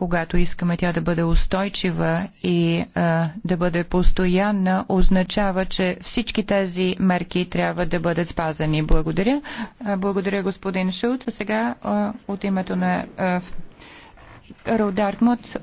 когато искаме тя да бъде устойчива и а, да бъде постоянна, означава, че всички тези мерки трябва да бъдат спазени. Благодаря. благодаря, господин Шулт. А сега а, от името на Роу Дартмут.